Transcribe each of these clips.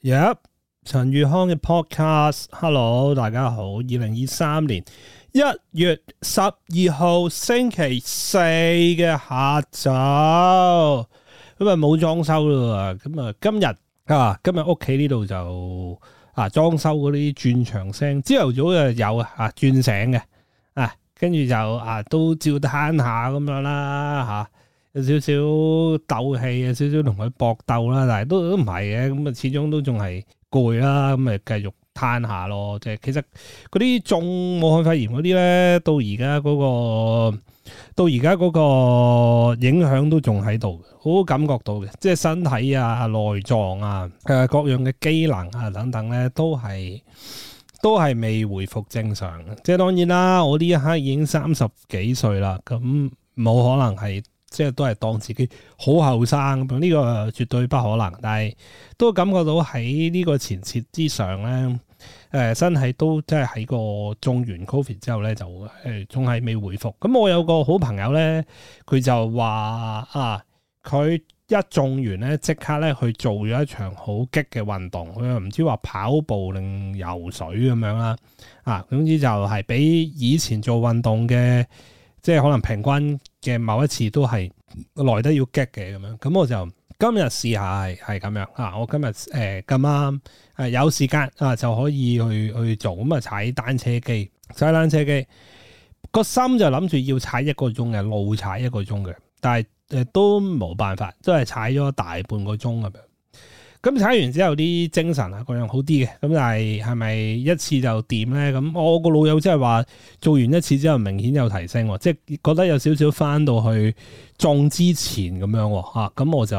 Yep，陳宇康嘅 podcast，hello，大家好，二零二三年一月十二號星期四嘅下晝，咁啊冇裝修啦，咁啊今日啊今日屋企呢度就啊裝修嗰啲轉牆聲，朝頭早就有啊，轉醒嘅，啊，跟住就啊，就啊，啊，就啊都照攤下咁樣啦，吓、啊。有少少鬥氣啊，少少同佢搏鬥啦，但係都都唔係嘅，咁啊始終都仲係攰啦，咁咪繼續攤下咯。即係其實嗰啲中武漢肺炎嗰啲咧，到而家嗰個到而家嗰個影響都仲喺度，好感覺到嘅，即係身體啊、內臟啊、誒各樣嘅機能啊等等咧，都係都係未回復正常嘅。即係當然啦，我呢一刻已經三十幾歲啦，咁冇可能係。即係都係當自己好後生咁，呢個絕對不可能。但係都感覺到喺呢個前設之上咧，誒、呃，身體都即係喺個中完 COVID 之後咧，就誒、呃、仲係未回復。咁我有個好朋友咧，佢就話啊，佢一中完咧即刻，咧去做咗一場好激嘅運動，佢又唔知話跑步定游水咁樣啦。啊，總之就係比以前做運動嘅，即係可能平均。嘅某一次都係耐得要激嘅咁樣，咁我就今日試下係係咁樣啊！我今日誒咁啱係有時間啊，就可以去去做咁啊，嗯，踩單車機，踩單車機個心就諗住要踩一個鐘嘅，路踩一個鐘嘅，但係誒、呃、都冇辦法，都係踩咗大半個鐘咁樣。咁踩完之後啲精神啊，個樣好啲嘅，咁但係係咪一次就掂咧？咁我個老友即係話做完一次之後明顯有提升，即係覺得有少少翻到去撞之前咁樣嚇，咁、啊、我就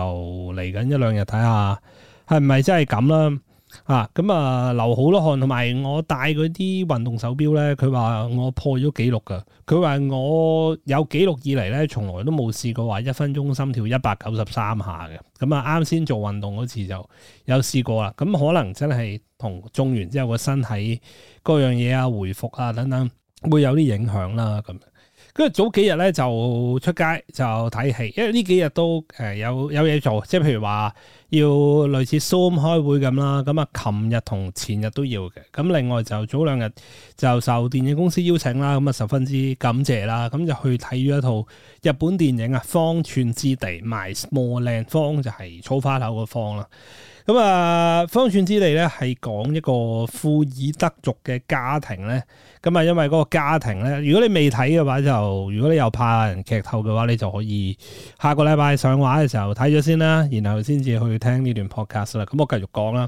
嚟緊一兩日睇下係咪真係咁啦。啊，咁、嗯、啊流好多汗，同埋我戴嗰啲運動手表咧，佢話我破咗紀錄噶。佢話我有紀錄以嚟咧，從來都冇試過話一分鐘心跳一百九十三下嘅。咁、嗯、啊，啱先做運動嗰次就有試過啦。咁、嗯、可能真係同中完之後個身體嗰樣嘢啊，回復啊等等，會有啲影響啦咁。嗯跟住早幾日咧就出街就睇戲，因為呢幾日都誒有有嘢做，即係譬如話要類似 Zoom 開會咁啦。咁啊，琴日同前日都要嘅。咁另外就早兩日就受電影公司邀請啦，咁啊十分之感謝啦。咁就去睇咗一套日本電影啊，《芳寸之地》My Small Land，方就係草花頭個方啦。咁啊，嗯《方寸之地》咧係講一個庫爾德族嘅家庭咧，咁啊，因為嗰個家庭咧，如果你未睇嘅話就，如果你又怕人劇透嘅話，你就可以下個禮拜上畫嘅時候睇咗先啦，然後先至去聽呢段 podcast 啦。咁、嗯、我繼續講啦。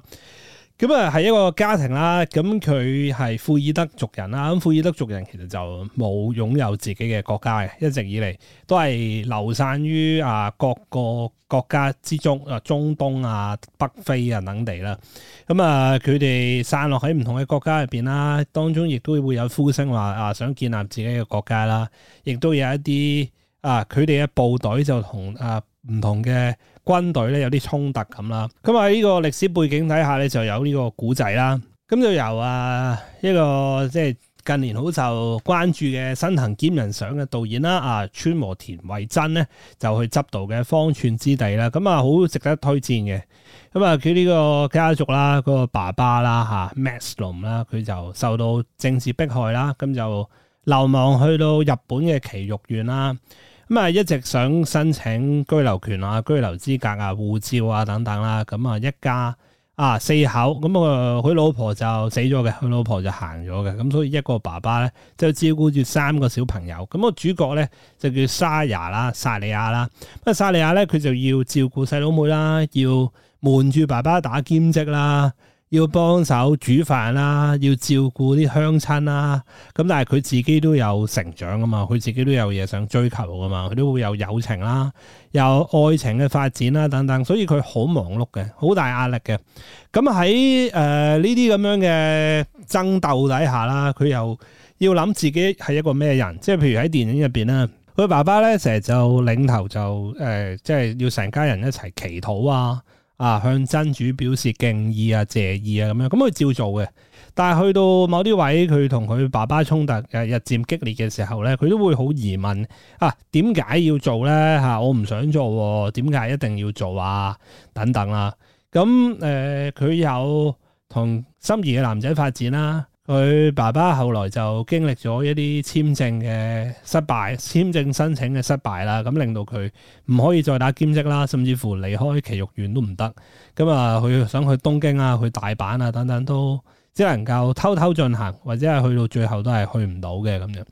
咁啊，係、嗯、一個家庭啦。咁佢係富爾德族人啦。咁庫爾德族人其實就冇擁有，有自己嘅國家嘅，一直以嚟都係流散於啊各個國家之中啊，中東啊、北非啊等地啦。咁、嗯、啊，佢、嗯、哋散落喺唔同嘅國家入邊啦，當中亦都會有呼聲話啊，想建立自己嘅國家啦。亦都有一啲啊，佢哋嘅部隊就同啊。唔同嘅軍隊咧有啲衝突咁啦，咁啊喺呢個歷史背景底下咧就有呢個古仔啦，咁就由啊一個即係近年好受關注嘅新藤兼人賞嘅導演啦，啊川和田惠真咧就去執導嘅《芳寸之地》啦，咁啊好值得推薦嘅，咁啊佢呢個家族啦，嗰個爸爸啦吓、啊、Mazlum、啦，佢就受到政治迫害啦，咁就流亡去到日本嘅埼玉縣啦。咁啊一直想申請居留權啊、居留資格啊、護照啊等等啦。咁啊一家啊四口，咁啊佢老婆就死咗嘅，佢老婆就行咗嘅。咁所以一個爸爸咧就照顧住三個小朋友。咁個主角咧就叫沙亞啦、薩利亞啦。咁薩利亞咧佢就要照顧細佬妹啦，要瞞住爸爸打兼職啦。要幫手煮飯啦，要照顧啲鄉親啦，咁但係佢自己都有成長噶嘛，佢自己都有嘢想追求噶嘛，佢都會有友情啦，有愛情嘅發展啦等等，所以佢好忙碌嘅，好大壓力嘅。咁喺誒呢啲咁樣嘅爭鬥底下啦，佢又要諗自己係一個咩人？即係譬如喺電影入邊咧，佢爸爸咧成日就領頭就誒、呃，即係要成家人一齊祈禱啊。啊，向真主表示敬意啊、謝意啊，咁樣，咁佢照做嘅。但係去到某啲位，佢同佢爸爸衝突，誒日漸激烈嘅時候咧，佢都會好疑問啊，點解要做咧？吓、啊，我唔想做，啊，點解一定要做啊？等等啦、啊。咁誒，佢、呃、有同心儀嘅男仔發展啦、啊。佢爸爸後來就經歷咗一啲簽證嘅失敗，簽證申請嘅失敗啦，咁令到佢唔可以再打兼職啦，甚至乎離開奇育園都唔得。咁啊，佢想去東京啊，去大阪啊，等等都只能夠偷偷進行，或者係去到最後都係去唔到嘅咁樣。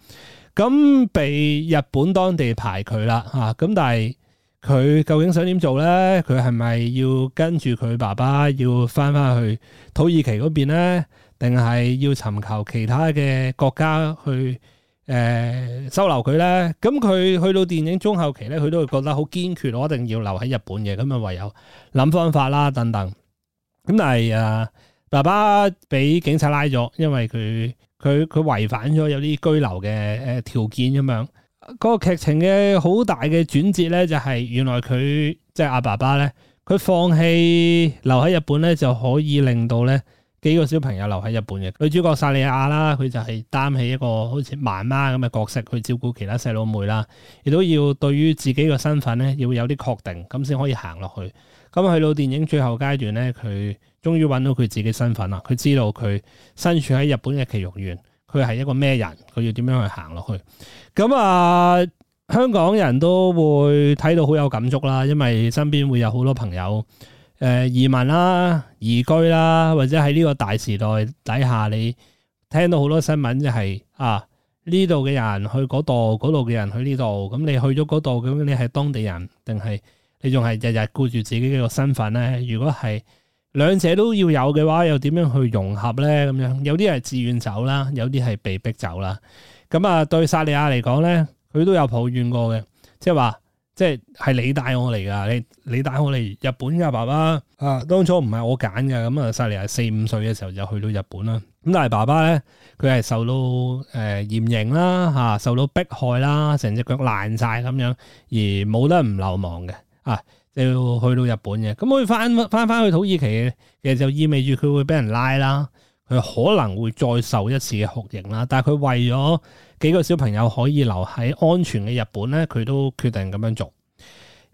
咁被日本當地排佢啦，吓，咁但係佢究竟想點做咧？佢係咪要跟住佢爸爸要翻翻去土耳其嗰邊咧？定係要尋求其他嘅國家去誒收留佢咧，咁佢去到電影中後期咧，佢都會覺得好堅決，我一定要留喺日本嘅，咁啊唯有諗方法啦等等。咁但係啊爸爸俾警察拉咗，因為佢佢佢違反咗有啲居留嘅誒條件咁樣。嗰個劇情嘅好大嘅轉折咧，就係原來佢即係阿爸爸咧，佢放棄留喺日本咧，就可以令到咧。幾個小朋友留喺日本嘅女主角薩利亞啦，佢就係擔起一個好似媽媽咁嘅角色去照顧其他細佬妹啦，亦都要對於自己嘅身份咧，要有啲確定咁先可以行落去。咁去到電影最後階段咧，佢終於揾到佢自己身份啦，佢知道佢身處喺日本嘅奇獄院，佢係一個咩人，佢要點樣去行落去？咁啊，香港人都會睇到好有感觸啦，因為身邊會有好多朋友。誒、呃、移民啦、移居啦，或者喺呢個大時代底下，你聽到好多新聞、就是，即係啊，呢度嘅人去嗰度，嗰度嘅人去呢度，咁你去咗嗰度，咁你係當地人定係你仲係日日顧住自己嘅身份咧？如果係兩者都要有嘅話，又點樣去融合咧？咁樣有啲係自願走啦，有啲係被逼走啦。咁啊，對薩利亞嚟講咧，佢都有抱怨過嘅，即係話。即係你帶我嚟噶，你你帶我嚟日本嘅爸爸啊，當初唔係我揀嘅，咁、嗯、啊，細利，係四五歲嘅時候就去到日本啦。咁但係爸爸咧，佢係受到誒嚴、呃、刑啦，吓、啊、受到迫害啦，成隻腳爛晒咁樣，而冇得唔流亡嘅啊，就要去到日本嘅。咁佢翻翻翻去土耳其，其實就意味住佢會俾人拉啦。佢可能會再受一次嘅酷刑啦，但係佢為咗幾個小朋友可以留喺安全嘅日本咧，佢都決定咁樣做。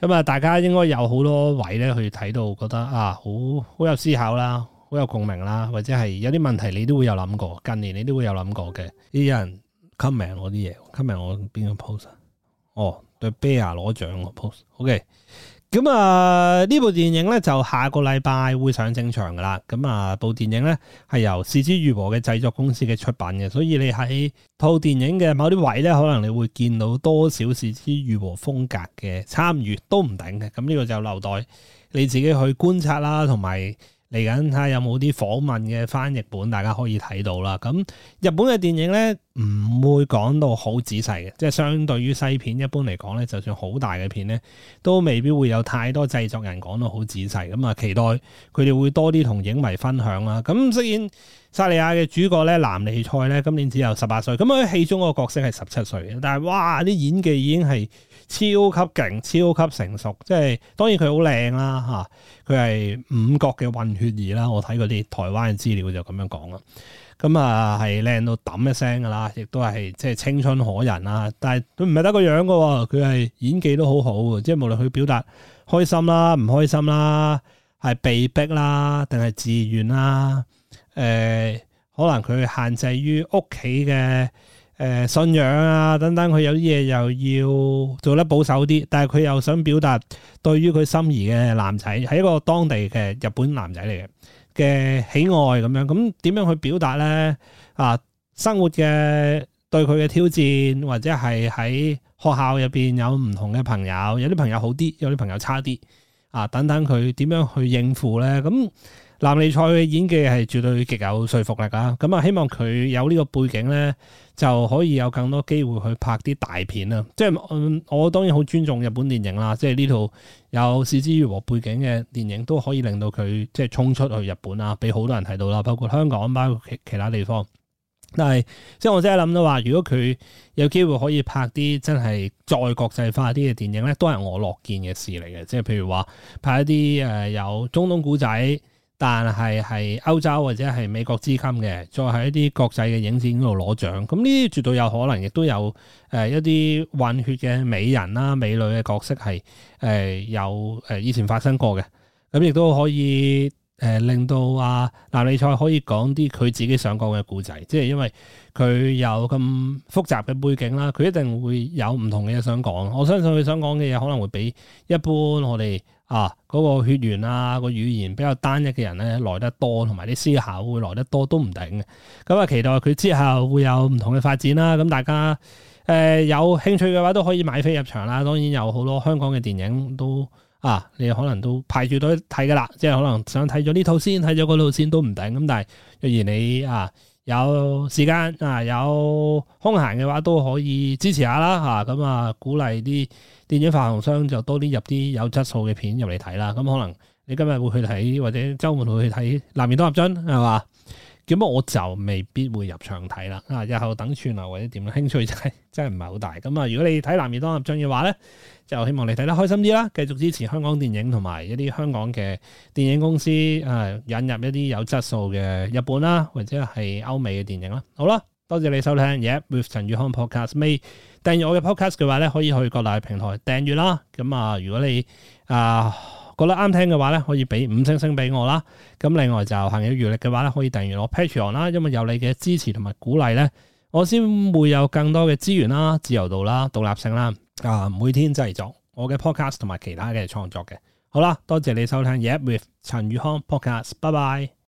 咁啊，大家應該有好多位咧去睇到覺得啊，好好有思考啦，好有共鳴啦，或者係有啲問題你都會有諗過，近年你都會有諗過嘅。呢啲人 comment 我啲嘢，comment 我邊個 post 哦，對 Bear 攞獎個 post，OK。Okay. 咁啊，呢、嗯、部電影咧就下個禮拜會上正場噶啦。咁啊，部電影咧係由是枝裕和嘅製作公司嘅出品嘅，所以你喺套電影嘅某啲位咧，可能你會見到多少是枝裕和風格嘅參與都唔定嘅。咁、嗯、呢、這個就留待你自己去觀察啦，同埋。嚟緊睇下看看有冇啲訪問嘅翻譯本，大家可以睇到啦。咁日本嘅電影呢，唔會講到好仔細嘅，即係相對於西片一般嚟講呢，就算好大嘅片呢，都未必會有太多製作人講到好仔細。咁、嗯、啊，期待佢哋會多啲同影迷分享啦。咁雖然。莎莉亞嘅主角咧，男尼賽咧，今年只有十八歲，咁佢戲中個角色係十七歲，但係哇，啲演技已經係超級勁、超級成熟，即係當然佢好靚啦嚇，佢、啊、係五國嘅混血兒啦，我睇嗰啲台灣嘅資料就咁樣講啦，咁、嗯、啊係靚到揼一聲噶啦，亦都係即係青春可人啦，但係佢唔係得個樣噶喎，佢係演技都好好，即係無論佢表達開心啦、唔開心啦、係被逼啦定係自願啦。誒、呃、可能佢限制於屋企嘅誒、呃、信仰啊等等，佢有啲嘢又要做得保守啲，但係佢又想表達對於佢心儀嘅男仔係一個當地嘅日本男仔嚟嘅嘅喜愛咁樣，咁點樣去表達咧？啊，生活嘅對佢嘅挑戰，或者係喺學校入邊有唔同嘅朋友，有啲朋友好啲，有啲朋友差啲啊等等，佢點樣去應付咧？咁、嗯南利賽嘅演技係絕對極有說服力噶，咁啊希望佢有呢個背景咧，就可以有更多機會去拍啲大片啊！即係、嗯，我當然好尊重日本電影啦，即係呢套有是枝裕和背景嘅電影都可以令到佢即係衝出去日本啊，俾好多人睇到啦，包括香港，包括其其他地方。但係，即係我真係諗到話，如果佢有機會可以拍啲真係再國際化啲嘅電影咧，都係我樂見嘅事嚟嘅。即係譬如話，拍一啲誒、呃、有中東古仔。但係係歐洲或者係美國資金嘅，再喺一啲國際嘅影展嗰度攞獎，咁呢啲絕對有可能，亦都有誒、呃、一啲混血嘅美人啦、美女嘅角色係誒有誒以前發生過嘅，咁、嗯、亦都可以誒、呃、令到啊男女賽可以講啲佢自己想講嘅故仔，即係因為佢有咁複雜嘅背景啦，佢一定會有唔同嘅嘢想講。我相信佢想講嘅嘢可能會比一般我哋。啊，嗰、嗰個血緣啊，嗰個語言比較單一嘅人咧，來得多，同埋啲思考會來得多都唔定嘅。咁、嗯、啊，期待佢之後會有唔同嘅發展啦、啊。咁、嗯、大家誒、呃、有興趣嘅話，都可以買飛入場啦。當然有好多香港嘅電影都啊，你可能都排住隊睇噶啦，即係可能想睇咗呢套先，睇咗嗰套先都唔定。咁、嗯、但係若然你啊～有時間啊，有空閒嘅話都可以支持下啦嚇，咁啊，啊鼓勵啲電影發行商就多啲入啲有質素嘅片入嚟睇啦。咁、啊嗯、可能你今日會去睇，或者周末會去睇《南面多立樽》，係嘛？咁我就未必會入場睇啦，啊！日後等串流或者點樣，興趣真係真係唔係好大。咁啊，如果你睇男兒當入樽嘅話咧，就希望你睇得開心啲啦，繼續支持香港電影同埋一啲香港嘅電影公司啊，引入一啲有質素嘅日本啦，或者係歐美嘅電影啦。好啦，多謝你收聽 Yep with 陳宇康 Podcast。訂閱我嘅 Podcast 嘅話咧，可以去各大平台訂閱啦。咁啊，如果你啊～、呃覺得啱聽嘅話咧，可以俾五星星俾我啦。咁另外就行有餘力嘅話咧，可以訂閱我 Patreon 啦，因為有你嘅支持同埋鼓勵咧，我先會有更多嘅資源啦、自由度啦、獨立性啦。啊，每天製作我嘅 podcast 同埋其他嘅創作嘅。好啦，多謝你收聽《Yep With 陳宇康 Podcast》，拜拜。